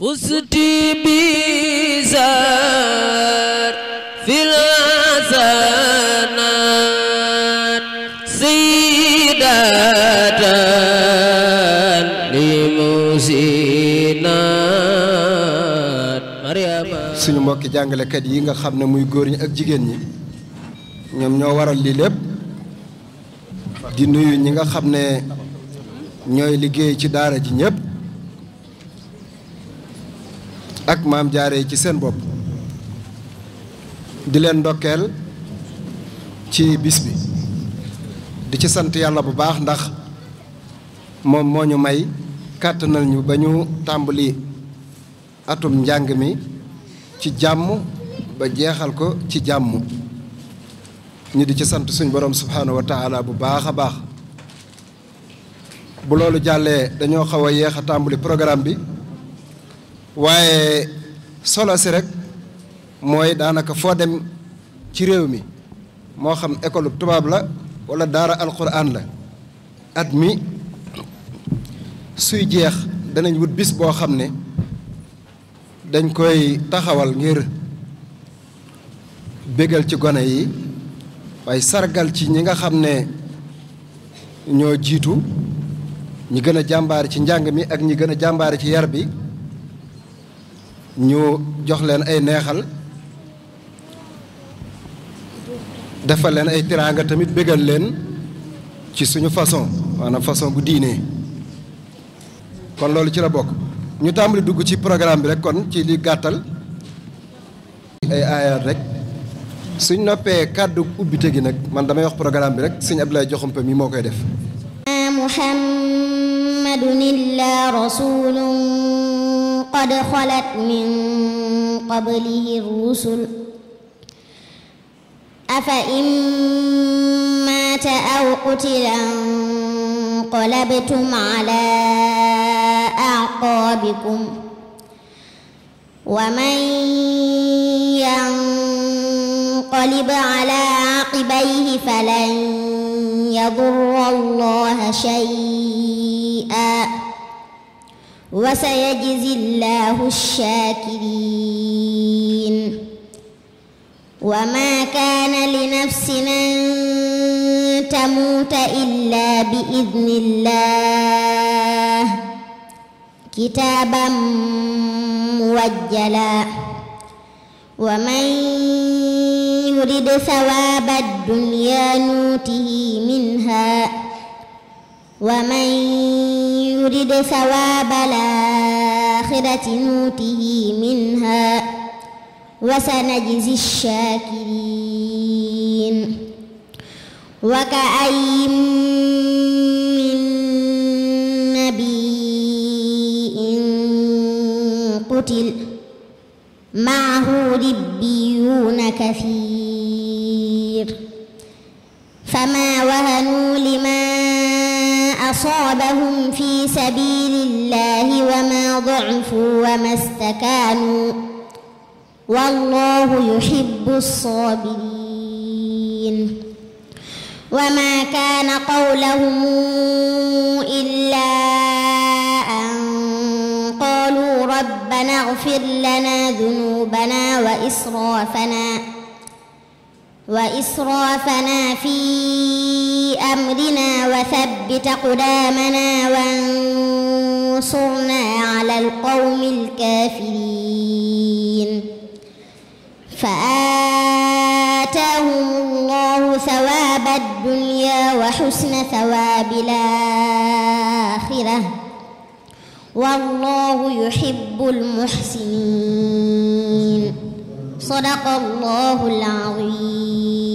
فزت بزار في الحسنات سيدة لمسينات مريم suñu mbokki jàngalekat yi nga xam ne muy góor ñi ak jigéen ñi ñoom ñoo waral lii lépp di nuyu ñi nga xam ne ñooy liggéey ci daara ji ñëpp ak maam jaare ci seen bopp di leen ndokkeel ci bis bi di ci sant yàlla bu baax ndax moom moo ñu may kàttanal ñu ba ñu tàmbali atum njàng mi ci jàmm ba jeexal ko ci jàmm ñu di ci sant suñ borom subhaanahu wa bu baax a baax bu loolu jàllee dañoo xaw a yéex a tàmbali programme bi waaye solo si rek mooy daanaka foo dem ci réew mi moo xam école tubaab la wala daara alquran la at mi suy jeex danañ wut bis boo xam ne dañ koy taxawal ngir bégal ci gone yi waaye sargal ci ñi nga xam ne ñoo jiitu ñi gën a jàmbaare ci njàng mi ak ñi gën a jàmbaare ci yar bi ñu jox leen ay neexal defal leen ay tiraanga tamit bégal leen ci suñu façon maanaam façon bu diinee kon loolu ci la bokk ñu tàmbali dugg ci programme bi rek kon ci li gàttal ay aayaat rek suñ noppee kàddu ubbite gi nag man damay wax programme bi rek suñ Abdoulaye Joxumpa mi moo koy def قد خلت من قبله الرسل أفإن مات أو قتل انقلبتم على أعقابكم ومن ينقلب على عقبيه فلن يضر الله شيئا وسيجزي الله الشاكرين وما كان لنفس أن تموت إلا بإذن الله كتابا موجلا ومن يرد ثواب الدنيا نوته منها ومن يرد ثواب الآخرة نوته منها وسنجزي الشاكرين وكأي من نبي قتل معه ربيون كثير أصابهم في سبيل الله وما ضعفوا وما استكانوا والله يحب الصابرين وما كان قولهم إلا أن قالوا ربنا اغفر لنا ذنوبنا وإسرافنا وإسرافنا في أمرنا وثبت قدامنا وانصرنا على القوم الكافرين فآتاهم الله ثواب الدنيا وحسن ثواب الآخرة والله يحب المحسنين sadaqallahul azim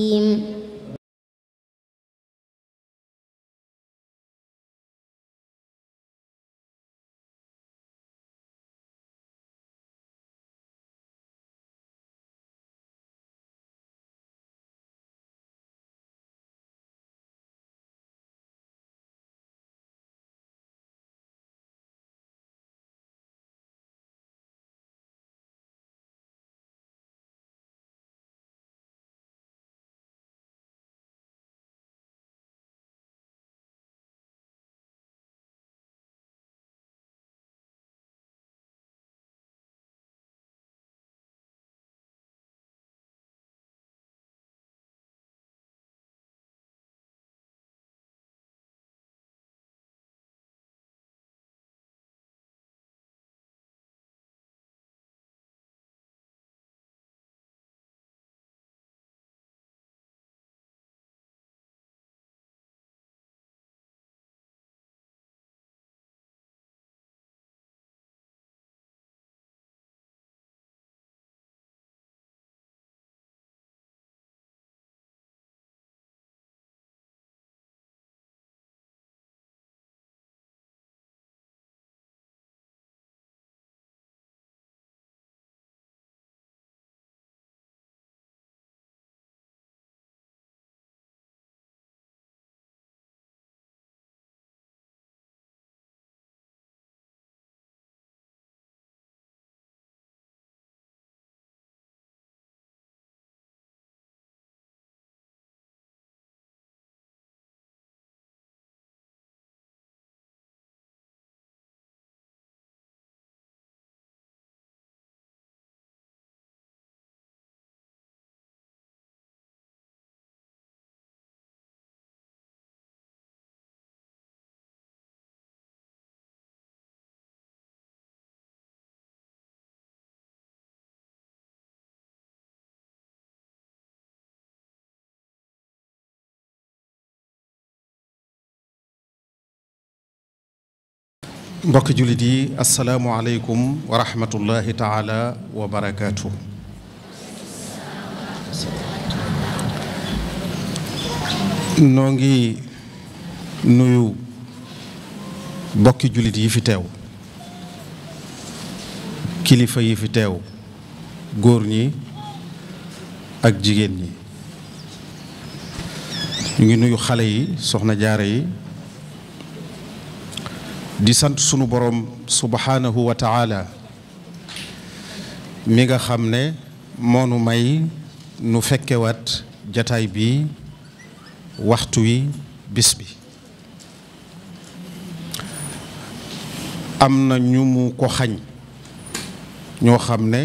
mbokki jullit yi asalaamualeykum noo ngi nuyu mbokki jullit yi fi teew kilifa yi fi teew góor ñi ak jigéen ñi ñu ngi nuyu xale yi soxna jaare yi di sant sunu boroom subhaanahu wa taala mi nga xam ne moonu may nu fekkewaat jataay bi waxtu wi bis bi am na ñu mu ko xañ ñoo xam ne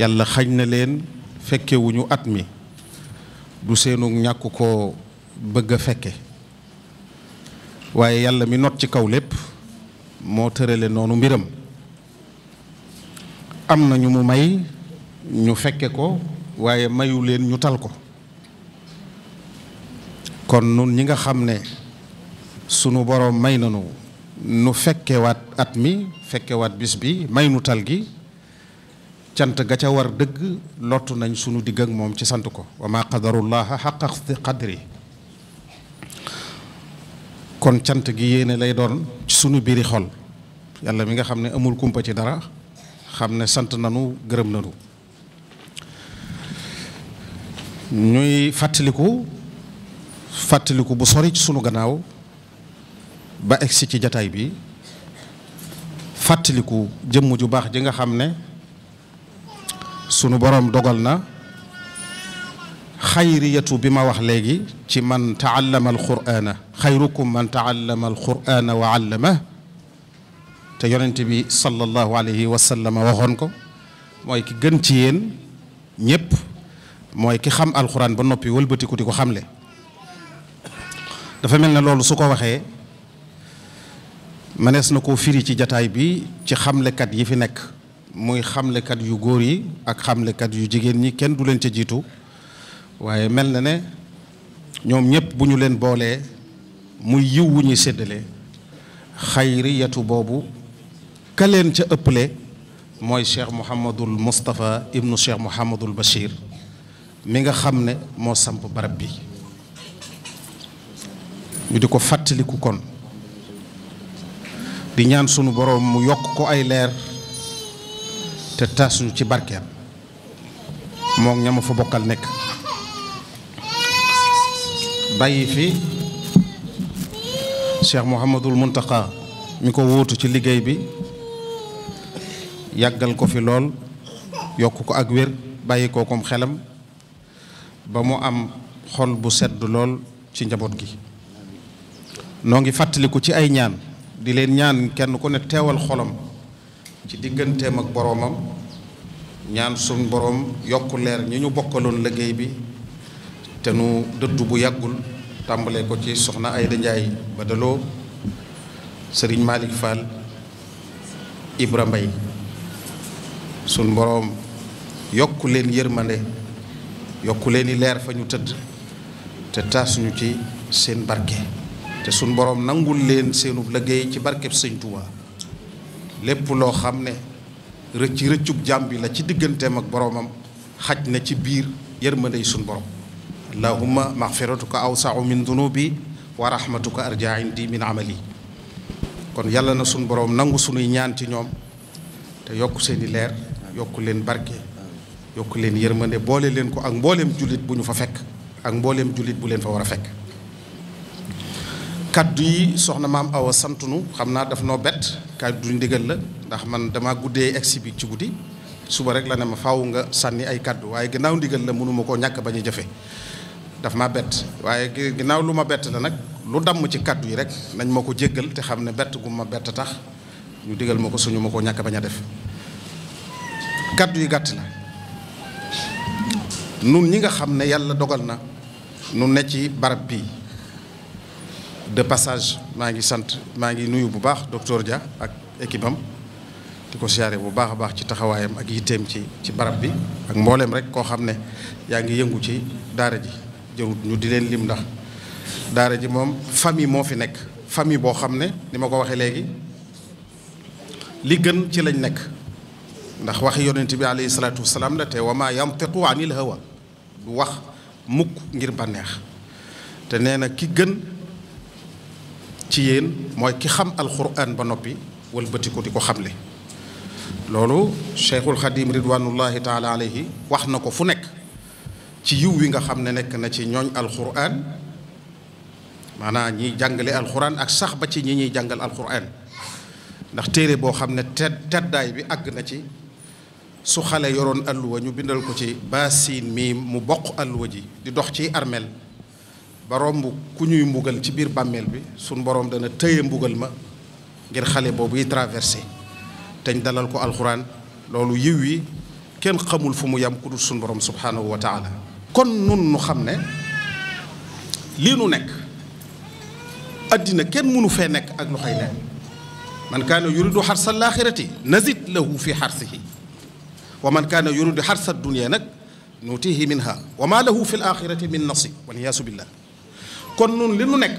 yàlla xañ na leen fekkewuñu at mi du seenu ñàkk ko bëgg a fekke waaye yàlla mi not ci kaw lépp moo tërale noonu mbiram am na ñu mu may ñu fekke ko waaye mayu leen ñu tal ko kon nun ñi nga xam ne sunu boroom may nanu nu fekkewaat at mi fekkewaat bis bi may nu tal gi cant ga ca war dëgg lottu nañ sunu digg ak moom ci sant ko wa ma qadarullaha xaqa qadri kon cant gi yéene lay doon ci sunu biiri xol yàlla mi nga xam ne amul kumpa ci dara xam ne sant nanu gërëm nanu ñuy fàttaliku fàttaliku bu sori ci sunu gannaaw ba egsi ci jataay bi fàttaliku jëmm ju baax ji nga xam ne sunu boroom dogal na xayriyatu bi ma wax léegi ci man taallama alqur'ana xayrukum man taallama alqur'ana wa allama te yonent bi sallallahu alayhi wa sallam waxoon ko mooy ki gën ci yéen ñépp mooy ki xam alxuraan ba noppi wëlbatiku di ko xamle dafa mel ne loolu su ko waxee mënees na koo firi ci jataay bi ci xamlekat yi fi nekk muy xamlekat yu góor yi ak xamlekat yu jigéen ñi kenn du leen ca jiitu waaye mel na ne ñoom ñëpp bu ñu leen boolee muy yiw wu ñuy séddale xayriyatu boobu ka leen ca ëpple mooy cheikh Mouhamadul Moustapha ibnu cheikh Mouhamadul Bachir mi nga xam ne moo samp barab bi ñu di ko fàttaliku kon di ñaan sunu boroom mu yokk ko ay leer te tas ñu ci barkeem moom ña ma fa bokkal nekk. bàyyi fi Cheikh Mouhamadul Muntaqa ñu ko wuutu ci liggéey bi yàggal ko fi lool yokk ko ak wér bàyyi koo kom xelam ba mu am xol bu sedd lool ci njaboot gi noo ngi fàttaliku ci ay ñaan di leen ñaan kenn ku ne teewal xolam ci digganteem ak boroomam ñaan suñ boroom yokk leer ñu ñu bokkaloon liggéey bi te nu dëddu bu yàggul tàmbalee ko ci soxna Ayda Njaay Badaloo sëriñ Malick Fall Ibra Mbay sun boroom yokk leen yërmande yokk leen yi leer fa ñu tëdd te taas ñu ci seen barke te sun boroom nangul leen seenub liggéey ci barkeb sëñ Tuubaa lépp loo xam ne rëcc rëccub jaam bi la ci digganteem ak boroomam xaj na ci biir yërmande yi sun borom ko allahuma maxfiratuka awsau min dunubi wa rahmatuka arja indi min amali kon yàlla na suñ boroom nangu suñuy ñaan ci ñoom te yokk seeni leer yokk leen barke yokk leen yërmande boole leen ko ak mbooleem jullit bu ñu fa fekk ak mbooleem jullit bu leen fa war a fekk kàddu yi soxna maam awa santunu xam naa daf noo bett kaddu ndigal la ndax man dama guddee egsi bi ci guddi suba rek la ne ma faw nga sànni ay kàddu waaye gannaaw ndigal la mënuma koo ñàkk bañ a jëfe daf ma bett waaye ginnaaw lu ma bett la nag lu damm ci kàddu yi rek nañ ma ko jéggal te xam ne bett gu ma bett tax ñu digal ma ko suñu ma ko ñàkk bañ a def kàddu yi gàtt la nun ñi nga xam ne yàlla dogal na nu ne ci barab bi de passage maa ngi sant maa ngi nuyu bu baax docteur ja ak équipe am di ko siyaare bu baax a baax ci taxawaayam ak yitteem ci ci barab bi ak mbooleem rek koo xam ne yaa ngi yëngu ci daara ji jërut ñu di leen lim ndax daara ji moom famille moo fi nekk famille boo xam ne ni ma ko waxee léegi li gën ci lañ nekk ndax waxi yonent bi alayhi salaatu wasalaam la te wa maa yantiqu anil hawa wax mukk ngir bànneex te nee na ki gën ci yéen mooy ki xam alquran ba noppi wëlbati ko di ko xamle loolu cheikhul xadim ridwanullahi taala alayhi wax na ko fu nekk ci yiw wi nga xam ne nekk na ci ñooñ alxuraan maanaa ñiy jàngale alxuraan ak sax ba ci ñi ñuy jàngal alxuraan ndax téere boo xam ne teddaay bi àgg na ci su xale yoroon alluwa ñu bindal ko ci baasin mii mu bokk alluwa ji di dox ci armeel ba romb ku ñuy mbugal ci biir bàmmeel bi suñ borom dana tëye mbugal ma ngir xale boobu yi traversé teñ dalal ko alxuraan loolu yiw yi kenn xamul fu mu yam kudul dul borom subhaanahu wa taala kon nun nu xam ne lii nu nekk addina kenn mënu fee nekk ak lu xëy leen man kaana yuridu xarsa laaxirati nazid lahu fi xarsihi wa man kaana yuridu xarsa dunia nag nuutihi minha wa ma lahu fi laaxirati min nasib waliyaasu billah kon nun li nu nekk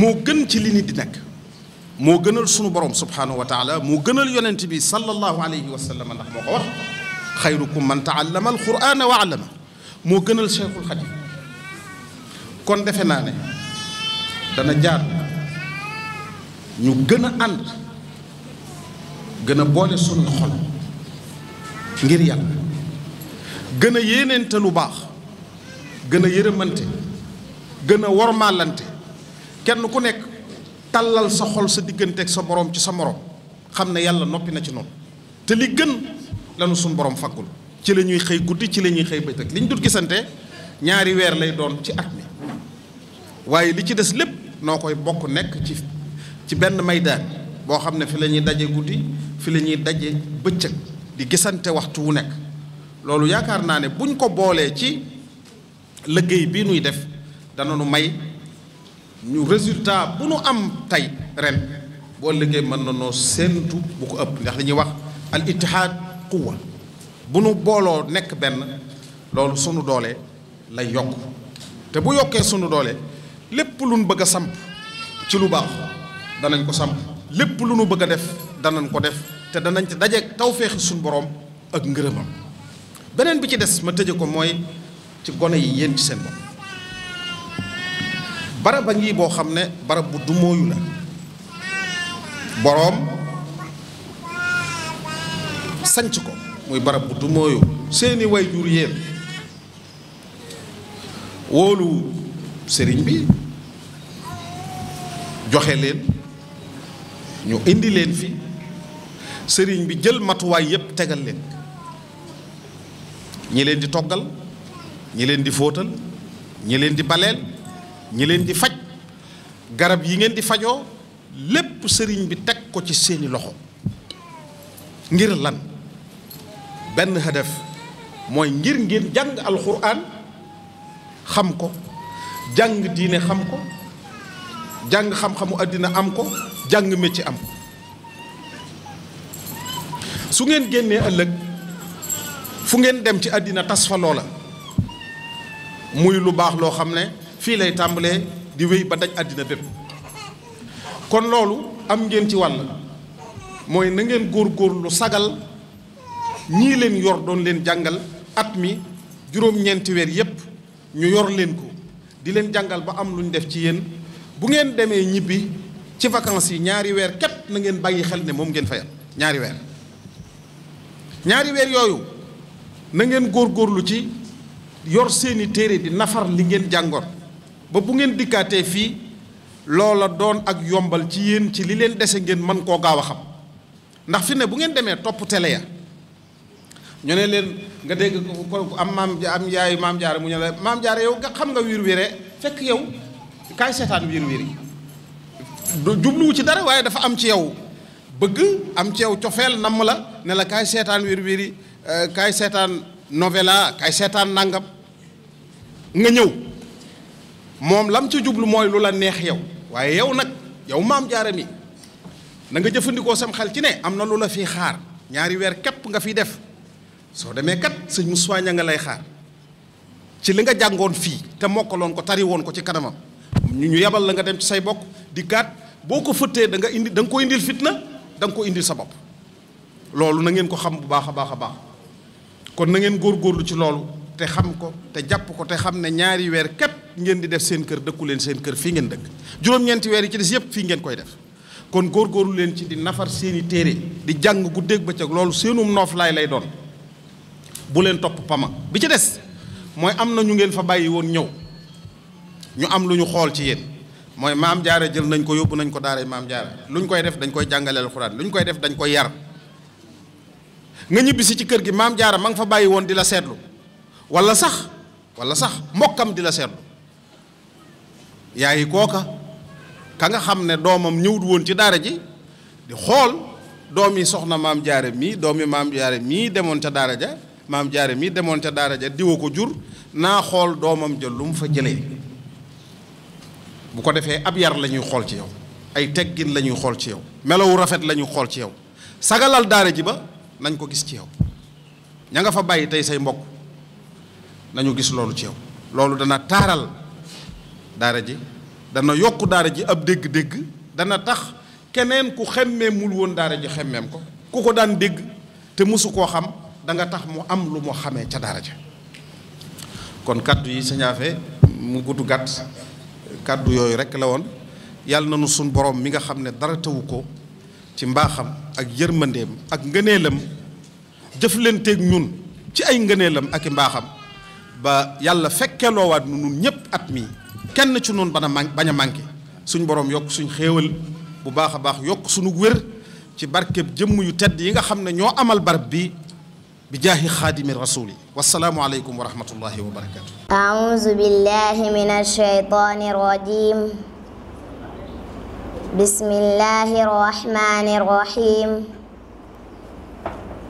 moo gën ci li nit di nekk moo gënal sunu borom subhanahu wa taala moo gënal yonent bi sallallahu alayhi wa sallam ndax moo ko wax xayrukum man taallama alqurana wa allama moo gënal cheikhul xadim kon defe naa ne dana jaar ñu gën a ànd gën a boole suñu xol ngir yàlla gën a yéeneente lu baax gën a yërëmante gën a wormaalante kenn ku nekk tàllal sa xol sa diggante ak sa borom ci sa morom xam na yàlla noppi na ci noonu te li gën lanu suñ borom faggul ci la ñuy xëy guddi ci la ñuy xëy bëccëg li ñu dut gisante ñaari weer lay doon ci at mi waaye li ci des lépp noo koy bokk nekk ci ci benn maydaan boo xam ne fi lañuy ñuy daje guddi fi la ñuy daje bëccëg di gisante waxtu wu nekk loolu yaakaar naa ne buñ ko boolee ci liggéey bii nuy def dana nu may ñu résultat bu nu am tey ren boo liggéey mën na noo séentu bu ko ëpp ndax li ñuy wax al ittihaad quwa bu nu booloo nekk benn loolu sunu doole lay yokk te bu yokkee sunu doole lépp lu nu bëgg a samp ci lu baax danañ ko samp lépp lu nu bëgg a def danañ ko def te danañ ci dajeeg tawféexi sunu boroom ak ngërëmam beneen bi ci des ma tëje ko mooy ci gone yi yéen ci seen bopp barab a ngi boo xam ne barab bu dumóoyu la boroom sanc ko muy barab bu du mooyu seeni way jur yéen wóolu sëriñ bi joxe leen ñu indi leen fi sëriñ bi jël matuwaay yépp tegal leen ñi leen di toggal ñi leen di fóotal ñi leen di baleel ñi leen di faj garab yi ngeen di fajoo lépp sëriñ bi teg ko ci seeni loxo ngir lan benn xedef mooy ngir ngeen jàng alxuraan xam ko jàng diine xam ko jàng xam-xamu àddina am ko jàng mécc am su ngeen génnee ëllëg fu ngeen dem ci àddina tas fa loola muy lu baax loo xam ne fii lay tàmbalee di wéy ba daj àddina bépp kon loolu am ngeen ci wàll mooy na ngeen góor góor lu sagal ñii leen yor doon leen jàngal at mi juróom-ñeenti weer yépp ñu yor leen ko di leen jàngal ba am lu ñu def ci yéen bu ngeen demee ñibbi ci vacances yi ñaari weer képp na ngeen bàyyi xel ne moom ngeen fayal ñaari weer ñaari weer yooyu na ngeen góorlu ci yor seeni téere di nafar li ngeen jàngoor ba bu ngeen dikkaatee fii loola doon ak yombal ci yéen ci li leen dese ngeen mën koo gaaw a xam ndax fi ne bu ngeen demee topp télé ya ñu ne leen nga dégg ko am maam am yaayu maam jaara mu ñu la maam jaara yow nga xam nga wiir wiire fekk yow kaay seetaan wiir wiir yi jubluwu ci dara waaye dafa am ci yow bëgg am ci yow cofeel namm la nela la kaay seetaan wiir wiir yi euh, kaay seetaan novella kaay seetaan nangam nga ñëw moom lam ci jublu mooy lu la neex yow waaye yow nag yow maam jaara mi nanga jëfandikoo sam xel ci ne am na lu la fi xaar ñaari weer kepp nga fiy def soo demee kat sëñ Moussa ña nga lay xaar ci li nga jàngoon fii te mokkaloon ko tari woon ko ci kanamam ñu ñu yebal la nga dem ci say bokk di kaat boo ko fëttee da nga indi da nga ko indil fitna da nga ko indil sa bopp loolu na ngeen ko xam bu baax a baax a baax kon na ngeen góorlu ci loolu te xam ko te jàpp ko te xam ne ñaari weer képp ngeen di def seen kër dëkku leen seen kër fii ngeen dëkk juróom-ñeenti weer yi ci des yëpp fii ngeen koy def kon góorgóorlu leen ci nafar seeni téere di jàng guddeeg bëccëg loolu seenum noof laay lay doon bu leen topp pama bi ci des mooy am na ñu ngeen fa bàyyi woon ñëw ñu am lu ñu xool ci yéen mooy maam jaara jël nañ ko yóbbu nañ ko daara maam jaara lu ñu koy def dañ koy jàngaleel xuraan lu ñu koy def dañ koy yar nga ñibbisi ci kër gi maam jaare ma nga fa bàyyi woon di la seetlu wala sax wala sax mbokkam di la seetlu yaayi kooka ka nga xam ne doomam ñëwut woon ci daara ji di xool doom yi soxna maam jaare mii doom yi maam jaare mii demoon ca daara ja maam jaare mii demoon ca daara ja diwa ko jur naa xool doomam ja lu mu fa jëlee bu ko defee ab yar la ñuy xool ci yow ay teggin lañuy xool ci yow melowu rafet la ñuy xool ci yow sagalal daara ji ba nañ ko gis ci yow ña nga fa bàyyi tey say mbokk nañu gis loolu ci yow loolu dana taaral daara ji dana yokk daara ji ab dégg-dégg dana tax keneen ku xemmeemul woon daara ji xemmeem ko ku ko daan dégg te mosu koo xam da nga tax mu am lu mu xamee ca daara kon kàddu yi sëñ mu gudd gàtt kàddu yooyu rek la woon yàlla na nu suñ borom mi nga xam ne dara tawu ko ci mbaaxam ak yërmandeem ak ngëneelam jëflanteeg ñun ci ay ngëneelam ak i mbaaxam ba yàlla fekkeloowaat nu nun ñëpp at mi kenn ci nun bana man bañ a manqué suñ borom yokk suñ xéewal bu baax a baax yokk suñu wér ci barkeb jëmm yu tedd yi nga xam ne ñoo amal barab bii bi jaahi xaadimi rasuli wasalaamu aleykum wa rahmatullahi wa barakaatu. aawuzu billahi mina shaytaani rajiim. bismillahi rahmaani rahiim.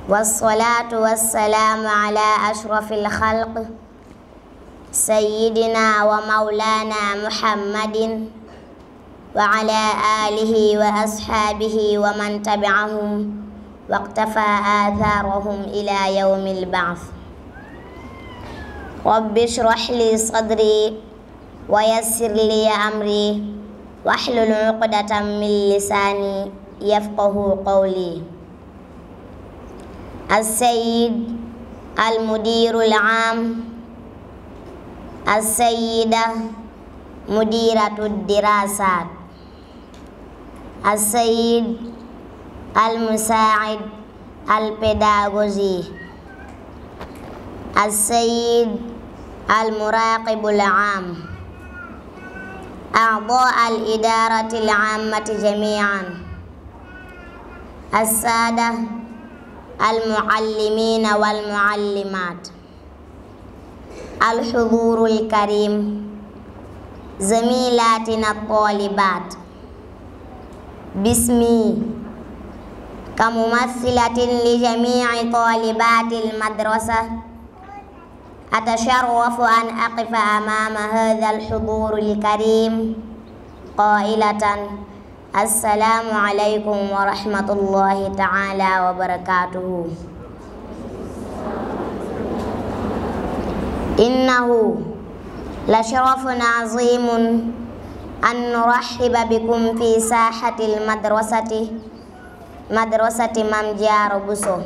wasalaatu wasalaamu ala ashrafil xalq. sayyidina wa mawlaana muhammadin. wa ala aalihi wa asxaabihi wa man tabi'ahum واقتفى آثارهم إلى يوم البعث رب اشرح لي صدري ويسر لي أمري واحلل عقدة من لساني يفقه قولي السيد المدير العام السيدة مديرة الدراسات السيد المساعد البيداغوجي السيد المراقب العام أعضاء الإدارة العامة جميعا السادة المعلمين والمعلمات الحضور الكريم زميلاتنا الطالبات باسمي كممثلة لجميع طالبات المدرسة أتشرف أن أقف أمام هذا الحضور الكريم قائلة السلام عليكم ورحمة الله تعالى وبركاته إنه لشرف عظيم أن نرحب بكم في ساحة المدرسة madrasati Mame Diarra Bousso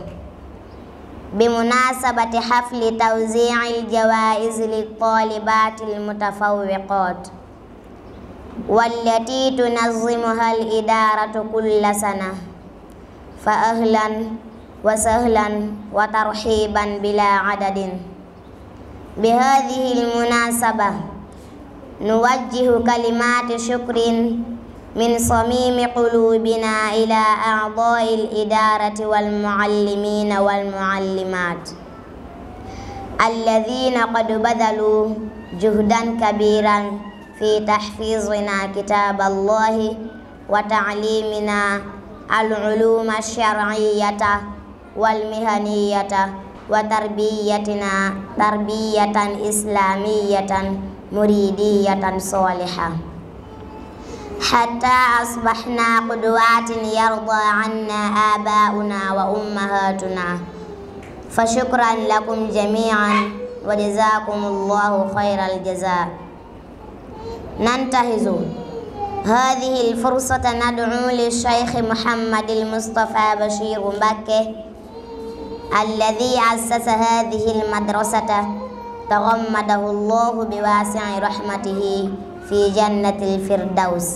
bi munasabati xafli tawzi'il jawaa'iz li taalibaatil mutafawwiqaat wallati tunazzimuha al idaaratu kulla sana fa ahlan wa sahlan wa tarxiiban bilaa adadin bi haadihi al munasaba nuwajjihu kalimaati shukrin من صميم قلوبنا إلى أعضاء الإدارة والمعلمين والمعلمات الذين قد بذلوا جهدا كبيرا في تحفيظنا كتاب الله وتعليمنا العلوم الشرعية والمهنية وتربيتنا تربية إسلامية مريدية صالحة حتى أصبحنا قدوات يرضى عنا آباؤنا وأمهاتنا فشكرا لكم جميعا وجزاكم الله خير الجزاء ننتهز هذه الفرصة ندعو للشيخ محمد المصطفى بشير مبكي الذي أسس هذه المدرسة تغمده الله بواسع رحمته في جنة الفردوس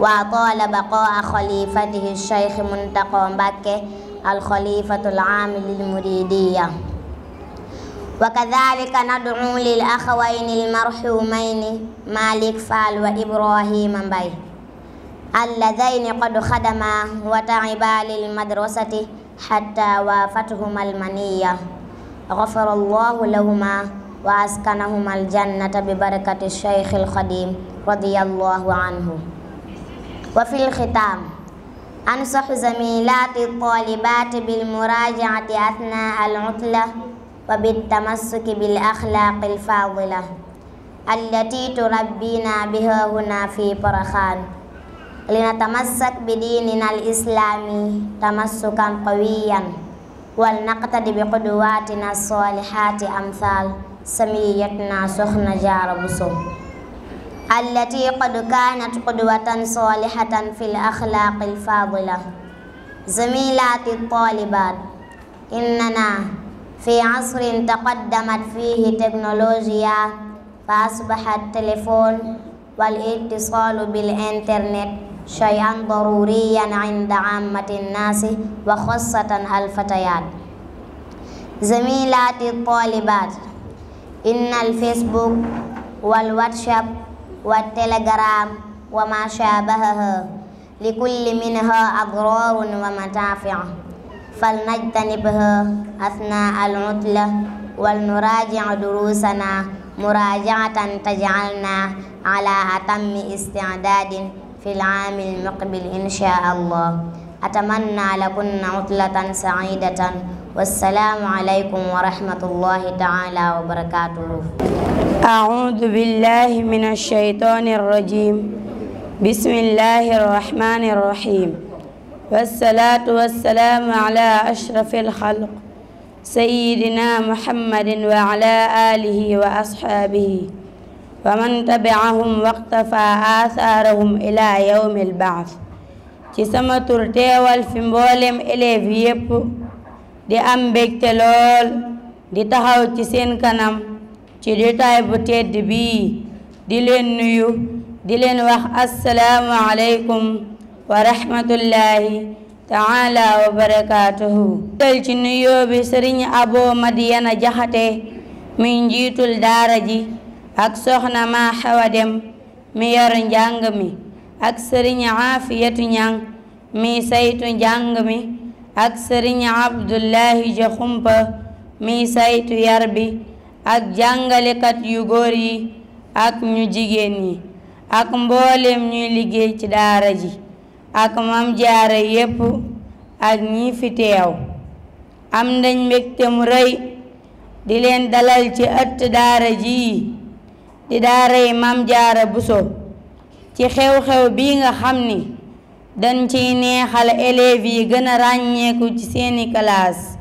وأطال بقاء خليفته الشيخ منتقى مبكي الخليفة العام للمريدية وكذلك ندعو للأخوين المرحومين مالك فال وإبراهيم مبي اللذين قد خدما وتعبا للمدرسة حتى وافتهما المنية غفر الله لهما وأسكنهما الجنة ببركة الشيخ الخديم رضي الله عنه wa fil xitaam ansaxu zamilaati taalibaati bil muraajaati athnaa al utla wa bit tamassuki bil axlaaqi al faadila allati turabbina biha huna fi Porokhane linattamassak bi diinina al islaami tamassukan qawiyan wal naqtadi bi qudwaatina saalihaati amthaal samiyatina Soxna Jaara Buso allati qad kaanat qudwatan salihatan fi l axlaaqi alfaadila zamilaati talibat innana fi asrin taqaddamat fihi teknolojiya fa asbaha telefon wal ittisaalu bil internet shay'an daruriyan inda ammati nnaasi wa xassatan alfatayaat zamilaati talibat inna alfacebook wal whatsapp والتلغرام وما شابهها لكل منها أضرار ومنافع فلنجتنبها أثناء العطلة ولنراجع دروسنا مراجعة تجعلنا على أتم استعداد في العام المقبل إن شاء الله أتمنى لكن عطلة سعيدة والسلام عليكم ورحمة الله تعالى وبركاته أعوذ بالله من الشيطان الرجيم بسم الله الرحمن الرحيم والصلاة والسلام على أشرف الخلق سيدنا محمد وعلى آله وأصحابه ومن تبعهم واقتفى آثارهم إلى يوم البعث ci sama tur teewal fi mboolem élève yépp di am mbégte lool di taxaw ci seen kanam ci jotaay bu tedd bii di leen nuyu di leen wax assalaamu aleykum wa rahmatullahi taala wa barakaatuhu ci nuyoo bi sëriñ aboo madiyana jaxate mi njiitul daara ji ak soxna maa xewa dem mi yor njàng mi ak sëriñ aafiyatu ñang mi saytu njàng mi ak sëriñ Abdullahi Jaxumpa mi saytu yar bi ak jàngalekat yu góor yi ak ñu jigéen ñi ak mboolem ñuy liggéey ci daara ji ak mam jaara yépp ak ñi fi teew am nañ mbégte mu rëy di leen dalal ci ëtt daara ji di daaray mam jaara buso ci xew-xew bii nga xam ni dañ ciy neexal élèves yi gën a ràññeeku ci seeni classe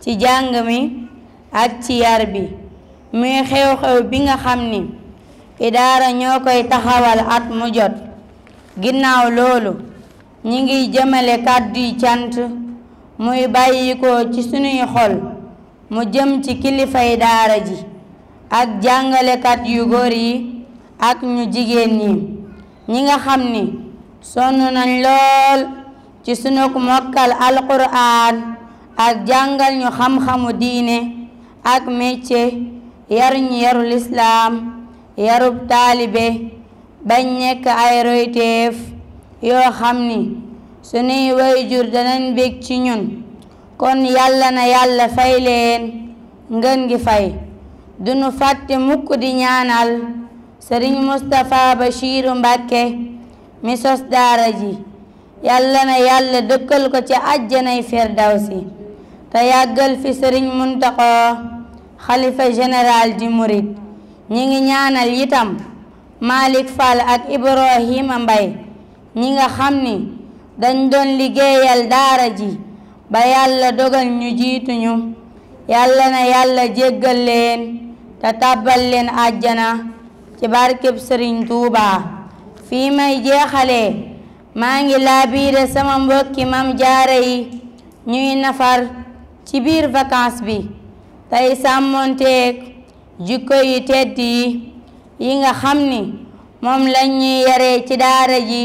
ci jàng mi ak ci yar bi muy xew-xew bi nga xam ni idaara ñoo koy taxawal at mu jot ginnaaw loolu ñi ngiy jëmale kàddu yi cant muy bàyyikoo ci sunuy xol mu jëm ci kilifay daara ji ak jàngalekat yu góor yi ak ñu jigéen ñi ñi nga xam ni sonn nañ lool ci sunuk mokkal alquran ak jàngal ñu xam-xamu diine ak métier yaruñ yaru lislaam yarub taalibe bañ ñekk ay royteef yoo xam ni sunuy wayjur danañ bég ci ñun kon yàlla na yàlla fay leen ngën gi fay dunu fàtte mukk di ñaanal sëriñ Moustapha Bachiru Mbàkke mi sos daara ji yàlla na yàlla dëkkal ko ci àjjanay firdawsi te yàggal fi sëriñ Muntaxa xalifa général ji murid ñi ngi ñaanal itam Malick Fall ak Ibrahima Mbay ñi nga xam ni dañ doon liggéeyal daara ji ba yàlla dogal ñu jiituñu yàlla na yàlla jéggal leen te tàbbal leen àjjana ci barkeb sëriñ Tuubaa fii may jeexalee maa ngi laabiire sama mbokki mam jaare yi ñuy nafar ci biir vacances bi tey sàmmonteeg jikko yi tedd yi yi nga xam ni moom lañ ñuy yaree ci daara ji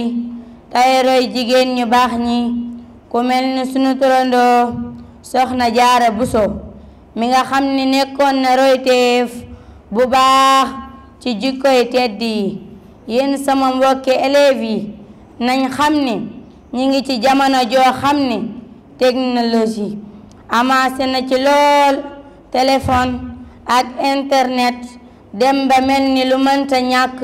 tey roy jigéen ñu baax ñi ku mel ni sunu turandoo soxna jaara buso mi nga xam ni nekkoon na royteef bu baax ci jikkoy tedd yi yéen sama mbokke élèves yi nañ xam ni ñi ngi ci jamono joo xam ne technologie amaase na ci lool téléphone ak internet dem ba mel ni lu mënta ñàkk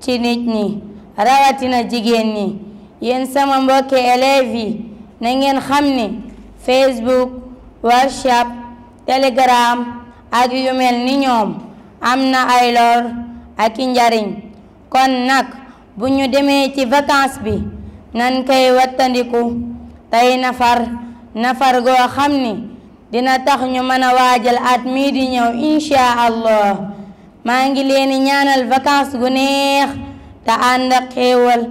ci nit ñi rawatina jigéen ñi yéen sama mbokki élèves yi na ngeen xam ne Facebook WhatsApp Telegram ak yu mel ni ñoom am na ay aki ak njariñ kon nag bu ñu demee ci vacances bi nan koy wattandiku tey nafar nafar goo xam ni dina tax ñu mën a waajal at mii di allah maa ngi leen di ñaanal vacances gu neex te ànd ak xéewal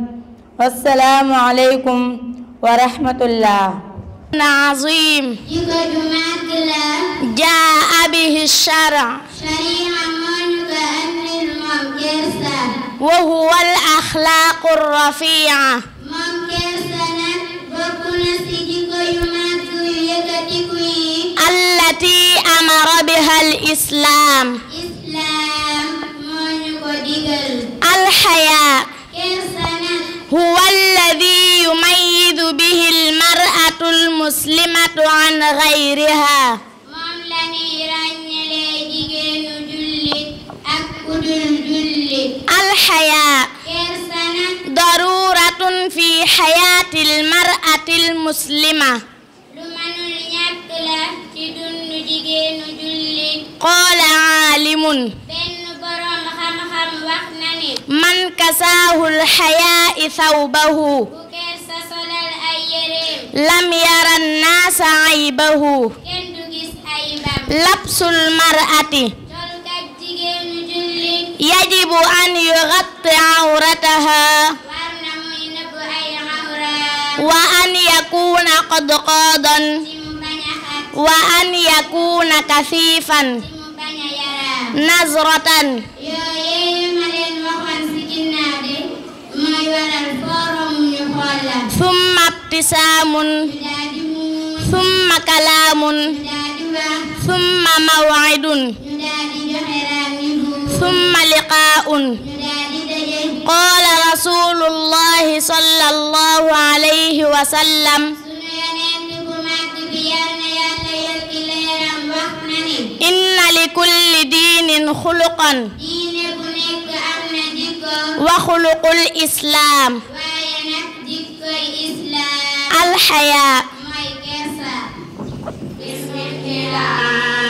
wassalaamu aleykum moom kersa. wa huwa al axlaaqu rafia. moom kersa nag bokk na ci jikko yu màgg yu yëkkatiku yi. allati amara biha al islaam. islaam moo ñu ko digal. al xayaa. kersa nag. huwa alladi yumayyidu bihi al mar'atu al muslimatu an gayriha الحياء ضرورة في حياة المرأة المسلمة قال عالم من كساه الحياء ثوبه لم يرى الناس عيبه لبس المرأة يجب أن يغطي عورتها وأن يكون قد قاضا وأن يكون كثيفا نظرة ثم ابتسام ثم كلام ثم موعد ثم لقاء قال رسول الله صلى الله عليه وسلم إن لكل دين خلقا وخلق الإسلام الحياء